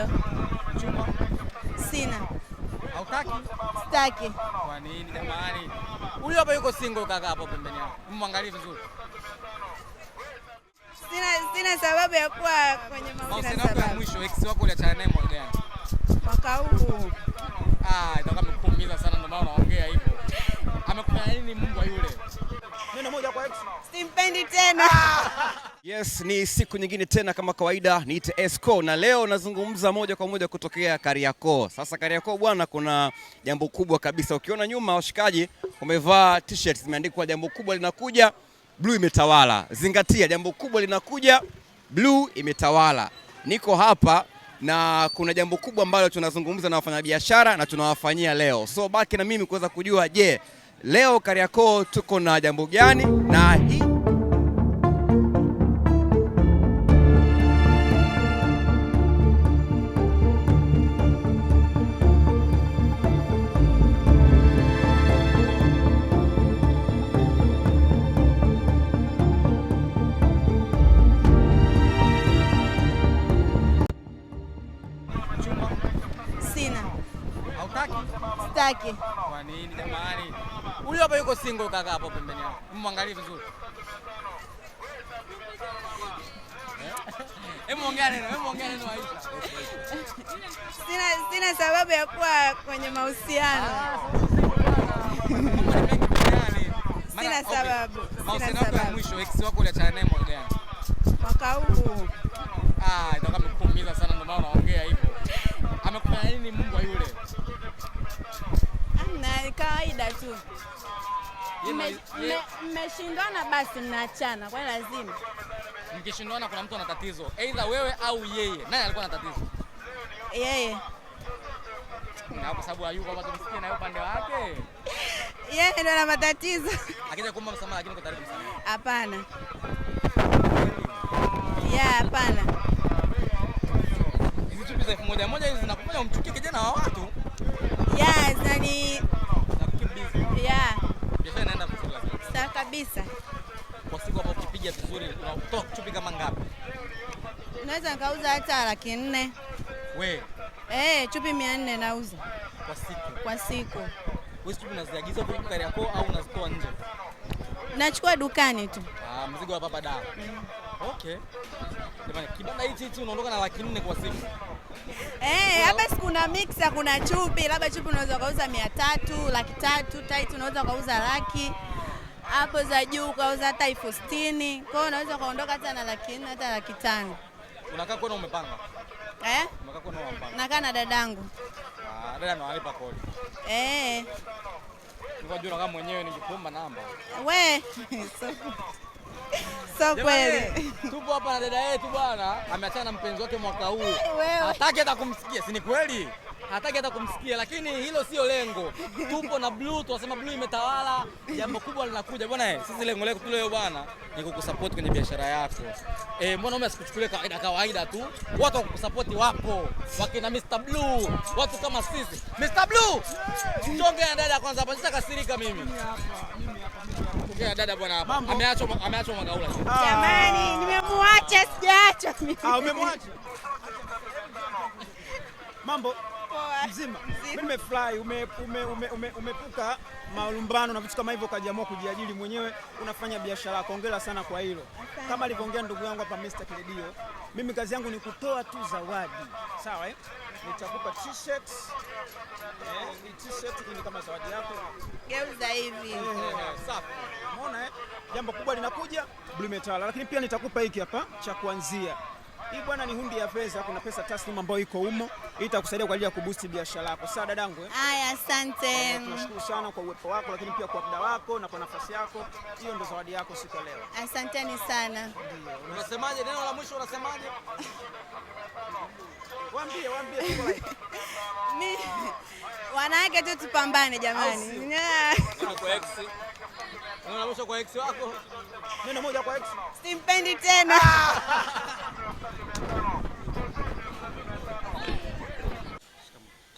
Juma. Sina. Hautaki? Sitaki. Kwa nini jamani? Huyo hapa yuko single kaka hapo pembeni yako. Mwangalie vizuri. Sina sina sababu ya kuwa kwenye mahusiano. Mahusiano ya mwisho ex wako uliachana naye mwaka gani? Mwaka huu. Ah, itakuwa amekuumiza sana ndio maana unaongea hivyo. Amekufanya nini Mungu yule? Neno moja kwa ex. Simpendi tena. Ah! Yes, ni siku nyingine tena kama kawaida niite Esco na leo nazungumza moja kwa moja kutokea Kariakoo. Sasa Kariakoo bwana, kuna jambo kubwa kabisa. Ukiona nyuma washikaji wamevaa t-shirts zimeandikwa jambo kubwa linakuja, blue imetawala. Zingatia, jambo kubwa linakuja, blue imetawala. Niko hapa na kuna jambo kubwa ambalo tunazungumza na wafanyabiashara na tunawafanyia leo, so baki na mimi kuweza kujua, je, leo Kariakoo tuko na jambo gani na hii yake. Kwa nini jamani? Huyo hapa yuko single kaka hapo pembeni yako. Mwangalie vizuri. Eh? Sina, sina sababu ya kuwa kwenye mahusiano. Ah, sina sababu. Mahusiano yako ya mwisho ex wako uliachana naye mwaka gani? Mwaka huu. Ah, itakuwa amekuumiza sana ndio maana naongea hivyo. Amekufanya nini Mungu yule? na kawaida tu mmeshindwana, basi mnaachana, kwa lazima. Mkishindwana kuna mtu ana tatizo, aidha wewe au yeye. Nani alikuwa na tatizo? Yeye, na kwa sababu hayuko hapa tumsikie naye upande wake. Yeye ndo ana matatizo, akija kuomba msamaha, lakini uko tayari kumsamaha? Hapana, hapana. Hizi chupi za elfu moja moja hizi zinakufanya umchukie kijana wa watu? Yeah, zinani Yeah. Biashara vizuri lakini. Sawa kabisa. Kwa siku hapo ukipiga vizuri unatoa chupi kama ngapi? Naweza nikauza hata laki nne. We. Eh, chupi mia nne nauza. Kwa siku. Kwa siku. Wewe chupi unaziagiza kutoka Kariakoo au unazitoa nje? nachukua dukani tu. Ah, mzigo wa Papa Dawa. Mm. Okay. kibanda hichi hichi unaondoka na laki nne kwa siku. Eh, hapa si kuna mixer, kuna chupi, labda chupi unaweza ukauza mia tatu, laki tatu, tight unaweza ukauza laki hapo za juu ukauza hata elfu sitini. Kwa hiyo unaweza ukaondoka hata na laki nne hata laki tano. Unakaa kwenu umepanga? Eh? Unakaa kwa kwenu umepanga? Nakaa na dadangu. Ah, dada analipa kodi. Eh ningekuwa kama mwenyewe ningekuomba namba. We, so kweli. Tupo hapa na dada yetu bwana, ameachana na mpenzi wake mwaka huu. Hataki hata kumsikia, si ni kweli? hataki hata kumsikia, lakini hilo sio lengo. Tupo na blue, tunasema blue imetawala, jambo kubwa linakuja bwana. Eh, sisi lengo letu leo bwana ni kukusupport kwenye biashara yako. Eh, mbona ume asikuchukulia kawaida kawaida tu, watu wa kukusupport wapo, wakina Mr Blue, watu kama sisi. Mr Blue, njongea dada kwanza hapa, sasa kasirika mimi Yeah, dada bwana hapa. Ameachwa ameachwa magaula. Jamani, nimemwacha sijaacha mimi. Ah, umemwacha. Mambo Mzima. Mimi nimefurahi ume, ume, ume, ume malumbano na vitu kama hivyo, ukajiamua kujiajiri mwenyewe, unafanya biashara yako. Hongera sana kwa hilo. Kama alivyoongea ndugu yangu hapa Mr. Kiledio, mimi kazi yangu ni kutoa tu zawadi. Sawa eh? Nitakupa eh, t-shirt. Eh, t-shirt ni kama zawadi yako. Geuza hivi. Eh, eh, safi. Umeona eh? Jambo kubwa linakuja Blue Metal, lakini pia nitakupa hiki hapa cha kuanzia hii bwana ni hundi ya pesa, kuna pesa taslimu ambayo iko humo, itakusaidia kwa ajili ya kuboost biashara yako. Sawa dadangu? Eh? Haya, asante. Tunashukuru sana kwa uwepo wako, lakini pia kwa muda wako na kwa nafasi yako. Hiyo ndio zawadi yako siku ya leo. Asanteni sana. Unasemaje? Neno la mwisho unasemaje? Waambie, waambie wanawake tu tupambane jamani. Unaosha kwa ex wako. Neno moja kwa ex. Simpendi tena. Ah!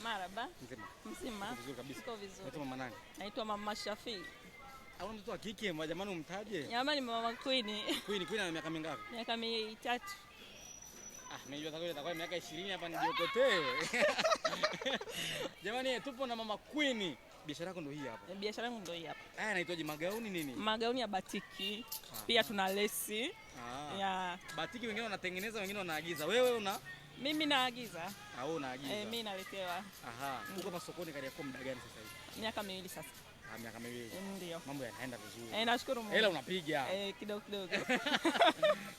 Maraba. Mzima. Vizuri kabisa. Uko vizuri. Naitwa mama nani? Naitwa mama Shafi. Hauna mtoto wa kike, jamani umtaje. Jamani mama Queen. Queen, Queen ana miaka mingapi? Miaka mitatu. Ah, najua takwa takwa miaka 20 hapa nijiokotee. Jamani tupo na mama Queen biashara yako ndio hii hapa? Eh, biashara yangu ndio hii hapa. Haya eh, yanaitwaje, magauni nini? Magauni ya batiki. Aha. Pia tuna lesi. Ah. Ya. Batiki wengine wanatengeneza, wengine wanaagiza. Wewe una? Mimi naagiza. Au ah, unaagiza. Eh, mimi naletewa. Aha. Uko hapa sokoni Kariakoo muda gani sasa hivi? Miaka miwili sasa. Ah, miaka miwili. Ndio. Mambo yanaenda vizuri. Eh, nashukuru Mungu. Hela unapiga. Eh, kidogo kidogo.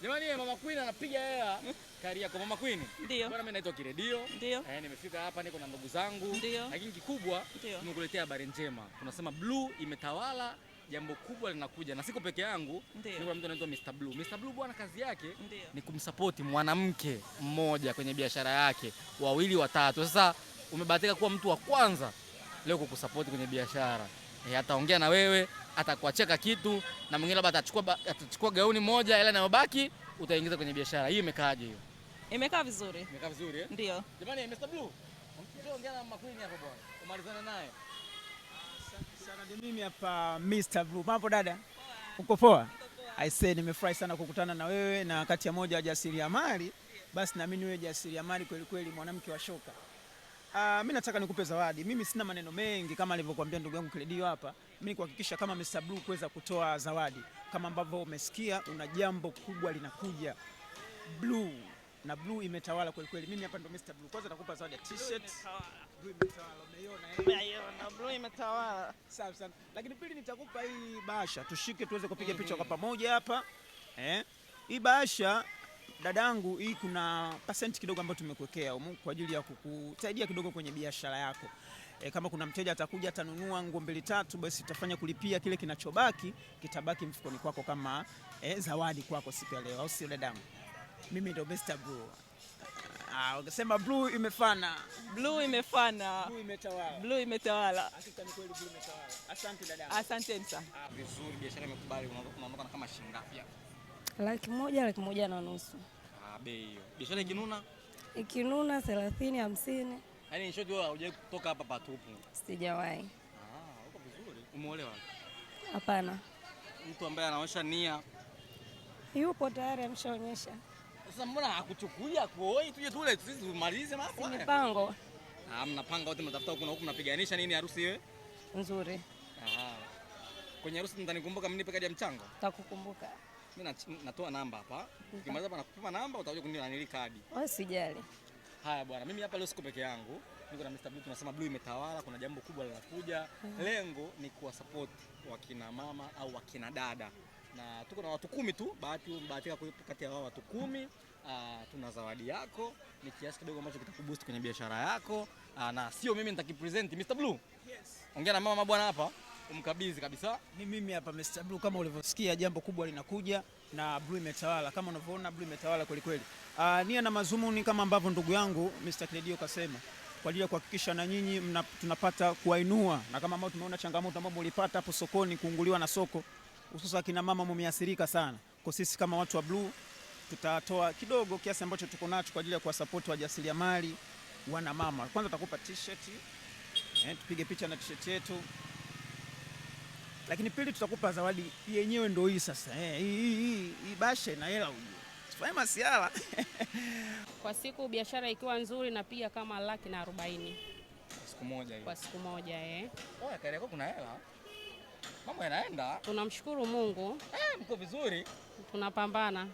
Jamani, Mama Queen anapiga hela. Kariako Mama Queen. Ndio. Bwana mimi naitwa Kiredio. Ndio. Eh, nimefika hapa niko na ndugu zangu. Ndio. Lakini kikubwa tumekuletea habari njema. Tunasema blue imetawala jambo kubwa linakuja na siko peke yangu, niko mtu anaitwa Mr Blue. Mr Blue bwana, kazi yake Ndiyo. ni kumsapoti mwanamke mmoja kwenye biashara yake, wawili watatu. Sasa umebahatika kuwa mtu wa kwanza leo kukusapoti kwenye biashara e, ataongea na wewe, atakuacheka kitu na mwingine labda atachukua atachukua gauni moja, ile inayobaki utaingiza kwenye biashara hii. Imekaaje hiyo? Imekaa vizuri, imekaa vizuri eh? Ndio jamani, Mr Blue, ongea na makwini hapo bwana, umalizane naye. Asante mimi hapa Mr Blue. Mambo dada, uko poa? say nimefurahi sana kukutana na wewe na kati ya moja wa jasiriamali, basi na mimi niwe jasiriamali kweli kweli, mwanamke wa shoka Uh, mi nataka nikupe zawadi. Mimi sina maneno mengi kama alivyokuambia ndugu yangu kredio hapa. Mimi kuhakikisha kama Mr. Blue kuweza kutoa zawadi kama ambavyo umesikia, una jambo kubwa linakuja Blue na Blue imetawala kweli kweli. Mimi hapa ndo Mr. Blue. Kwanza nakupa zawadi ya t-shirt. Blue imetawala. Umeiona? Eh? Blue imetawala. Sawa sana. Lakini pili nitakupa hii bahasha tushike tuweze kupiga picha kwa pamoja hapa. Eh? Hii bahasha dadangu, hii kuna percent kidogo ambayo tumekuwekea kwa ajili ya kukusaidia kidogo kwenye biashara yako. E, kama kuna mteja atakuja atanunua nguo mbili tatu, basi utafanya kulipia kile kinachobaki, kitabaki mfukoni kwako kama e, zawadi kwako siku ya leo, au sio dadangu? Mimi ndo Mr. Blue. Ah, ukisema blue imefana. Blue imefana. Blue imetawala. Blue imetawala. Hakika ni kweli blue imetawala. Asante dadangu. Asante sana. Ah, Vizuri, biashara imekubali, unaondoka kama shilingi ngapi? laki moja laki moja na nusu. Ah, bei hiyo. Biashara ikinuna? Ikinuna thelathini hamsini. Yaani in short wewe hujawahi kutoka hapa patupu? Sijawahi. Ah, uko vizuri. Umeolewa? Hapana. Mtu ambaye anaonyesha nia yupo tayari, ameshaonyesha. Sasa mbona hakuchukulia kuoi, tuje tule sisi tumalize mambo. Ni mpango. Ah, mnapanga wote mnatafuta huku na huku mnapiganisha nini harusi iwe nzuri. Ah. Kwenye harusi mtanikumbuka mnipe kadi ya mchango? Takukumbuka. Mimi natoa namba hapa. Ukimaliza hapa nakupa namba utakuja kunipa nani kadi. Wewe sijali. Haya bwana, mimi hapa leo siko peke yangu. Niko na Mr. Blue tunasema Blue imetawala, kuna jambo kubwa linakuja. Hmm. Lengo ni kuwa kuwasupport wakina mama au wakina dada. Na tuko na watu kumi tu, bahati bahatika kati ya wao watu kumi. Uh, tuna zawadi yako, ni kiasi kidogo ambacho kitakuboost kwenye biashara yako. Uh, na sio mimi nitakipresent Mr. Blue. Yes. Ongea na mama bwana hapa kumkabidhi kabisa. Ni mimi hapa Mr. Blue, kama ulivyosikia, jambo kubwa linakuja na Blue imetawala, kama unavyoona Blue imetawala kweli kweli. Uh, nia na mazumuni kama ambavyo ndugu yangu Mr. Kledio kasema kwa ajili ya kuhakikisha na nyinyi tunapata kuwainua, na kama ambao tumeona changamoto ambayo mlipata hapo sokoni, kuunguliwa na soko, hususan kina mama mmeathirika sana. Kwa sisi kama watu wa Blue tutatoa kidogo kiasi ambacho tuko nacho kwa ajili ya kuwasapoti wajasiriamali wana mama. Kwanza tutakupa t-shirt eh, tupige picha na t-shirt yetu lakini pili tutakupa zawadi yenyewe ndo hii sasa. Eh, hii hii bashe na hela ujue. masiala. Kwa siku biashara ikiwa nzuri na pia kama laki na arobaini. Siku moja hiyo. Kwa siku moja eh. Oya, kale kuna hela. Mambo yanaenda. Tunamshukuru Mungu. Eh, mko vizuri. Tunapambana.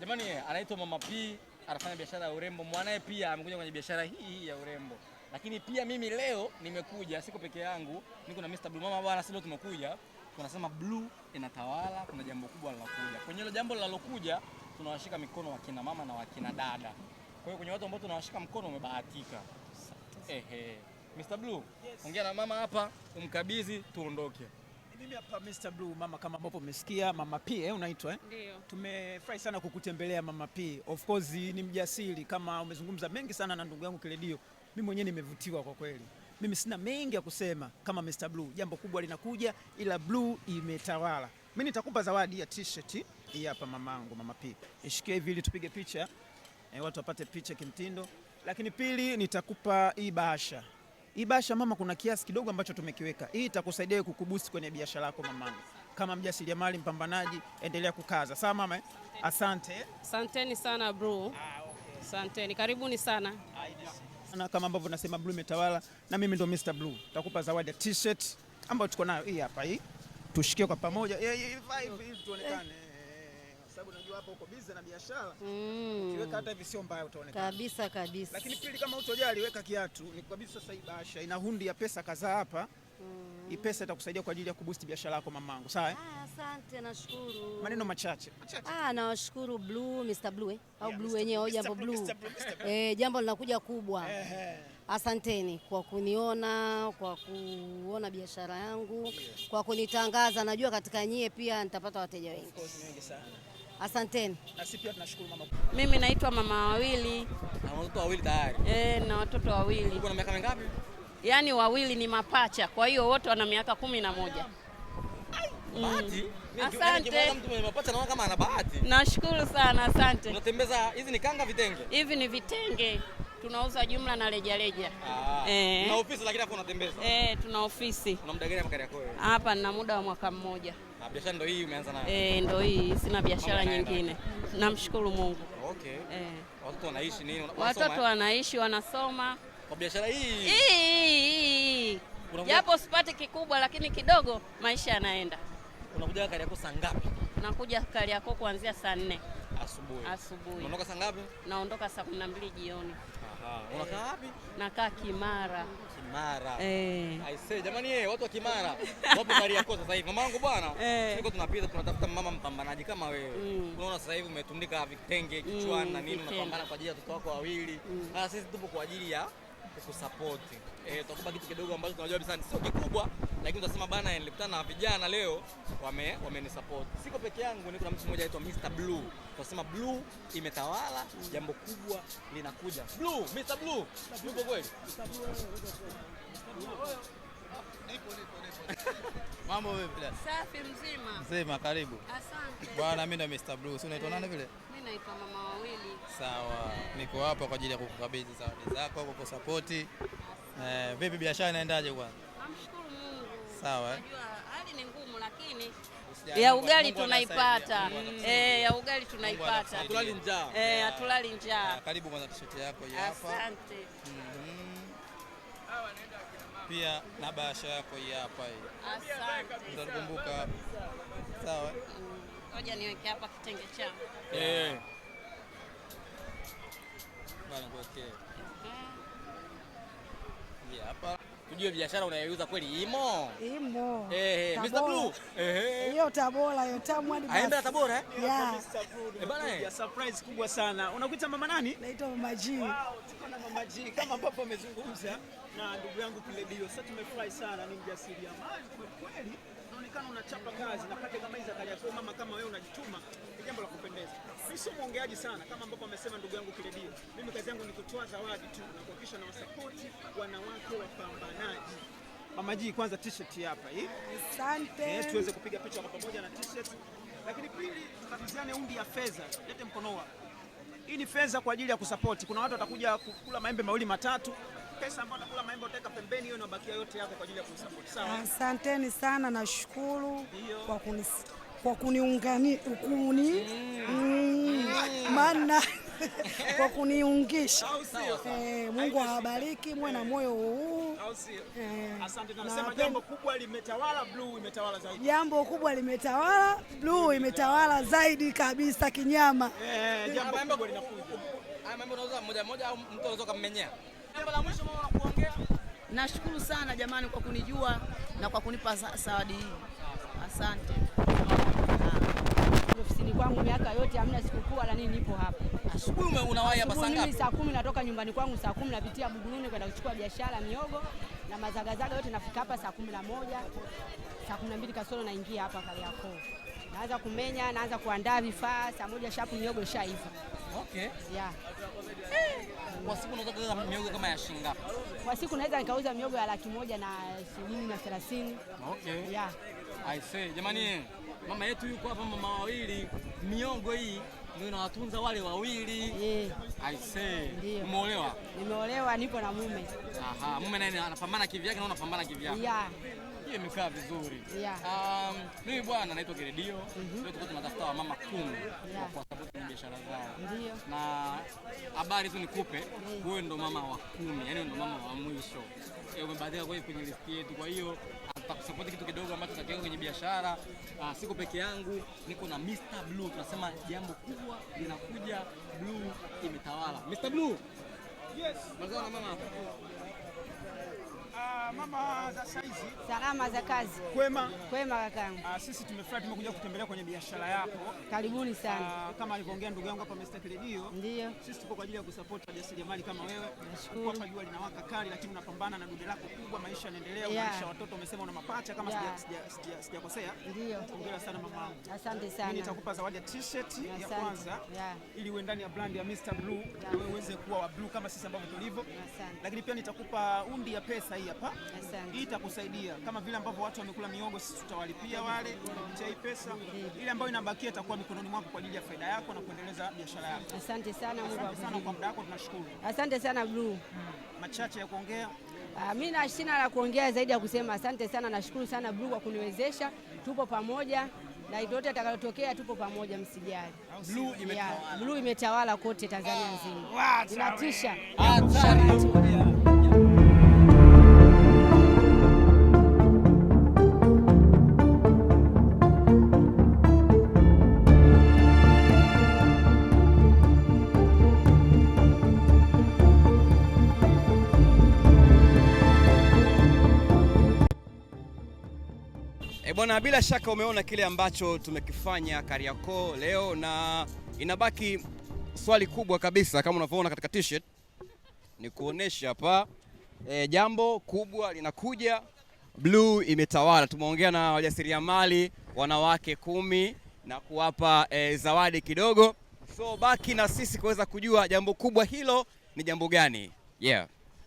Jamani, anaitwa Mama P, anafanya biashara ya urembo. Mwanae pia amekuja kwenye biashara hii ya urembo. Lakini pia mimi leo nimekuja, siko peke yangu, niko na Mr. Blue Mama bwana, sisi leo tumekuja tunasema blue inatawala, kuna jambo kubwa linalokuja. Kwenye hilo jambo linalokuja, tunawashika mikono wakina mama na wakina dada. Kwa hiyo kwenye watu ambao tunawashika mkono, umebahatika. Ehe, Mr. Blue, yes. Ongea na mama hapa, umkabidhi tuondoke. Mimi hapa Mr. Blue Mama, kama ambapo umesikia Mama P eh, unaitwa eh? Ndio. Tumefurahi sana kukutembelea Mama P. Of course ni mjasiri, kama umezungumza mengi sana na ndugu yangu Kiredio mimi mwenyewe nimevutiwa kwa kweli. Mimi sina mengi ya kusema kama Mr Blue, jambo kubwa linakuja, ila blue imetawala. Mimi nitakupa zawadi ya t-shirt hii hapa, mamangu, mama P, ishikie hivi ili tupige picha e, watu wapate picha kimtindo. Lakini pili, nitakupa hii bahasha hii bahasha mama, kuna kiasi kidogo ambacho tumekiweka. Hii itakusaidia kukubusi kwenye biashara yako mamangu, kama mjasiriamali mpambanaji, endelea kukaza. Sawa mama, asante. Asanteni sana bro. Ah, okay. Asanteni, karibuni sana ah, sana kama ambavyo nasema blue imetawala, na mimi ndo Mr Blue. Takupa zawadi ya t-shirt ambayo tuko nayo hii hapa, hii tushikie kwa pamoja, tuonekane sababu unajua hapa uko busy na biashara. Mm. Ukiweka hata hivi sio mbaya utaonekana. Kabisa kabisa. Lakini pili, kama utojali weka kiatu, ni kabisa sasa hii ina hundi ya pesa kadhaa hapa. Mm. Hii pesa itakusaidia kwa ajili ya kuboost biashara yako mamangu. Sawa eh? Ah, asante nashukuru. Maneno machache. Machache. Ah, nawashukuru Blue, Mr. Blue eh? Au yeah, Blue wenyewe au jambo Blue. Blue, Mr. Blue. Eh, jambo linakuja kubwa. Eh. Asanteni kwa kuniona, kwa kuona biashara yangu, yeah. kwa kunitangaza. Najua katika nyie pia nitapata wateja wengi. Of course, wengi sana. Asanteni. Na sisi pia tunashukuru mama. Mimi naitwa mama wawili. Na watoto wawili tayari. Eh, na watoto wawili. Uko na miaka mingapi? yaani wawili ni mapacha, kwa hiyo wote wana miaka kumi na moja. Mm. Asante. Yaani Nashukuru sana, asante. Unatembeza hizi ni kanga vitenge? Hivi ni vitenge. Tunauza jumla na rejareja. Ah. Eh. Una ofisi lakini hapo unatembeza? Eh, tuna ofisi. Una muda gani hapa karia koe? Hapa nina muda wa mwaka mmoja. Na ah, biashara ndio hii umeanza nayo? Eh, ndio hii, sina biashara nyingine. Namshukuru Mungu. Okay. Eh. Watoto wanaishi nini? Watoto wanaishi wanasoma kwa biashara hii, japo sipati kikubwa, lakini kidogo maisha yanaenda. Unakuja Kariakoo saa ngapi? Nakuja Kariakoo kuanzia saa nne asubuhi. Asubuhi. Unaondoka saa ngapi? Naondoka saa kumi na mbili jioni. Aha. Unakaa wapi? Nakaa Kimara. Kimara. Eh. say, jamani yeye eh, watu wa Kimara wapo Kariakoo sasa hivi. yangu bwana, eh. Siko tunapita tunatafuta mama mpambanaji kama wewe. Mm. Unaona sasa hivi umetundika vitenge kichwani na nini mm, unapambana kwa ajili ya watoto wako wawili. Mm. Sisi tupo kwa ajili ya kusapoti. Eh, tutakupa kitu kidogo ambacho tunajua kabisa sio kikubwa, lakini utasema bana, nilikutana na vijana leo wame wamenisupport. Siko peke yangu, niko na mtu mmoja anaitwa Mr Blue. Tunasema Blue imetawala, jambo kubwa linakuja. Blue, Mr Blue. Yuko kweli? Mr Blue. Mambo vipi dada? Safi mzima. Mzima karibu. Asante. Bwana mimi ndo Mr. Blue. Si unaitwa nani vile? Mimi naitwa Mama Wawili. Sawa. Niko hapa kwa ajili ya kukukabidhi zawadi zako, kwa kukusupport. Eh, vipi biashara inaendaje kwanza? Namshukuru Mungu. Sawa. Unajua hali ni ngumu lakini eh, ya ugali tunaipata. Eh, ya ugali tunaipata. Hatulali njaa. Eh, hatulali njaa. Eh, karibu kwanza t-shirt yako hapa. Asante. Mhm. Hawa naenda pia na bahasha yako hii hapa hii. Asante. Nitakumbuka. Sawa. Mm, ngoja niweke hapa kitenge changu. Eh. Bana, Mhm. Ni Hapa tujue biashara unayouza kweli imo imo. Eh, Mr Blue eh, hiyo Tabora hiyo tamu hadi aenda ah, Tabora eh, yeah eh bana, eh. ya surprise kubwa sana. Unakuita mama nani? Naitwa Mama G. Wow, tuko na Mama G kama ambapo amezungumza na ndugu yangu Kiledio. Sasa tumefurahi sana, ni mjasiriamali kweli kweli unaonekana unachapa kazi na Pate kama hizi akalia kwa mama kama wewe unajituma, ni jambo la kupendeza. Mimi sio mwongeaji sana kama ambapo amesema ndugu yangu Kiredio. Mimi kazi yangu ni kutoa zawadi tu na kuhakikisha na wasapoti wanawake wapambanaji. Mama Ji, kwanza t-shirt hapa hii. Asante. Yes, tuweze kupiga picha kwa pamoja na t-shirt. Lakini pili, tukabidhiane undi ya fedha. Lete mkono wako. Hii ni fedha kwa ajili ya kusapoti. Kuna watu watakuja kula maembe mawili matatu pesa ambayo unakula maembe utaweka pembeni, hiyo inabakia yote yako kwa ajili ya Sawa, asanteni sana, nashukuru kwa kuni kwa kuniungani ukuni maana mm. mm, mm. kwa kuniungisha eh, Mungu awabariki, mwe na eh. moyo huu. Eh, jambo kubwa limetawala, blue imetawala zaidi. Jambo kubwa limetawala, blue imetawala zaidi kabisa kinyama. Eh, jambo kubwa linakuja. Haya mambo unauza moja moja au mtu kummenyea? Nashukuru sana jamani kwa kunijua na kwa kunipa zawadi hii, asante. Ofisini kwangu miaka yote hamna sikukuu wala nini, nipo hapa asubuhi. Unawahi hapa saa ngapi? Saa kumi natoka nyumbani kwangu saa kumi, napitia Buguruni kwenda kuchukua biashara miogo na mazagazaga yote, nafika hapa saa kumi na moja saa kumi na mbili kasoro naingia hapa Kariakoo, naanza kumenya, naanza kuandaa vifaa saa moja shapu, miogo shaiva. Okay. Yeah. Hey. Kwa siku unaweza kuuza miogo kama ya shilingi ngapi? Kwa siku naweza nikauza miogo ya laki moja na ishirini na thelathini. Okay. Yeah. I say, jamani mama yetu yuko hapa, mama wawili, miongo hii ndio inawatunza wale wawili. Yeah. I say. Umeolewa? Nimeolewa, nipo na mume. Aha, mume naye anapambana kivyake na unapambana kivyako. Yeah. Hiyo imekaa vizuri. Yeah. Um, mimi bwana naitwa Geredio. Mm -hmm. Leo tuko tunatafuta wamama kumi yeah, kwa sababu ni biashara zao. Ndio. Na habari tu nikupe, wewe ndo mama wa kumi, yani ndo mama wa mwisho. Eh, umebadilika kwa kwenye list yetu, kwa hiyo ah, atakusapoti kitu kidogo ambacho takiangu kwenye biashara. Uh, siko peke yangu, niko na Mr. Blue. Tunasema jambo kubwa linakuja, Blue imetawala. Mr. Blue. Yes. Mazao na mama mama za saizi? Salama za kazi. Kwema? Kwema kakangu. Ah, sisi tumefurahi tumekuja kutembelea kwenye biashara yako. Karibuni sana. Ah, kama alivyoongea ndugu yangu hapa Mr. Kiredio. Ndio. Sisi tuko kwa ajili ya kusupport wajasiriamali kama wewe. Nashukuru. Hapa jua linawaka kali lakini unapambana na dude lako kubwa, maisha yanaendelea, yeah. Maisha watoto umesema una mapacha kama yeah. Sijakosea. Sija, sija ndio. Hongera sana mama. Asante sana. Mimi nitakupa zawadi ya t-shirt ya, kwanza yeah. Ili uwe ndani ya brand ya Mr. Blue, yeah. Uweze kuwa wa blue kama sisi ambavyo tulivyo. Lakini pia nitakupa undi ya pesa hii ya hapa. Hii itakusaidia kama vile ambavyo watu wamekula miogo, sisi tutawalipia wale kupitia hii pesa, ile ambayo inabakia itakuwa mikononi mwako kwa ajili ya faida yako na kuendeleza biashara yako. Asante sana, asante sana kwa muda wako, tunashukuru. Asante sana Blue. Hmm. Machache ya kuongea ah, mimi na sina la kuongea zaidi ya kusema asante sana. Nashukuru sana Blue kwa kuniwezesha, tupo pamoja na yote atakayotokea, tupo pamoja, msijali. Blue imetawala kote Tanzania ah, nzima, inatisha. E bwana, bila shaka umeona kile ambacho tumekifanya Kariakoo leo, na inabaki swali kubwa kabisa kama unavyoona katika t-shirt ni kuonesha hapa e, jambo kubwa linakuja, blue imetawala. Tumeongea na wajasiriamali wanawake kumi na kuwapa e, zawadi kidogo, so baki na sisi kuweza kujua jambo kubwa hilo ni jambo gani? Yeah.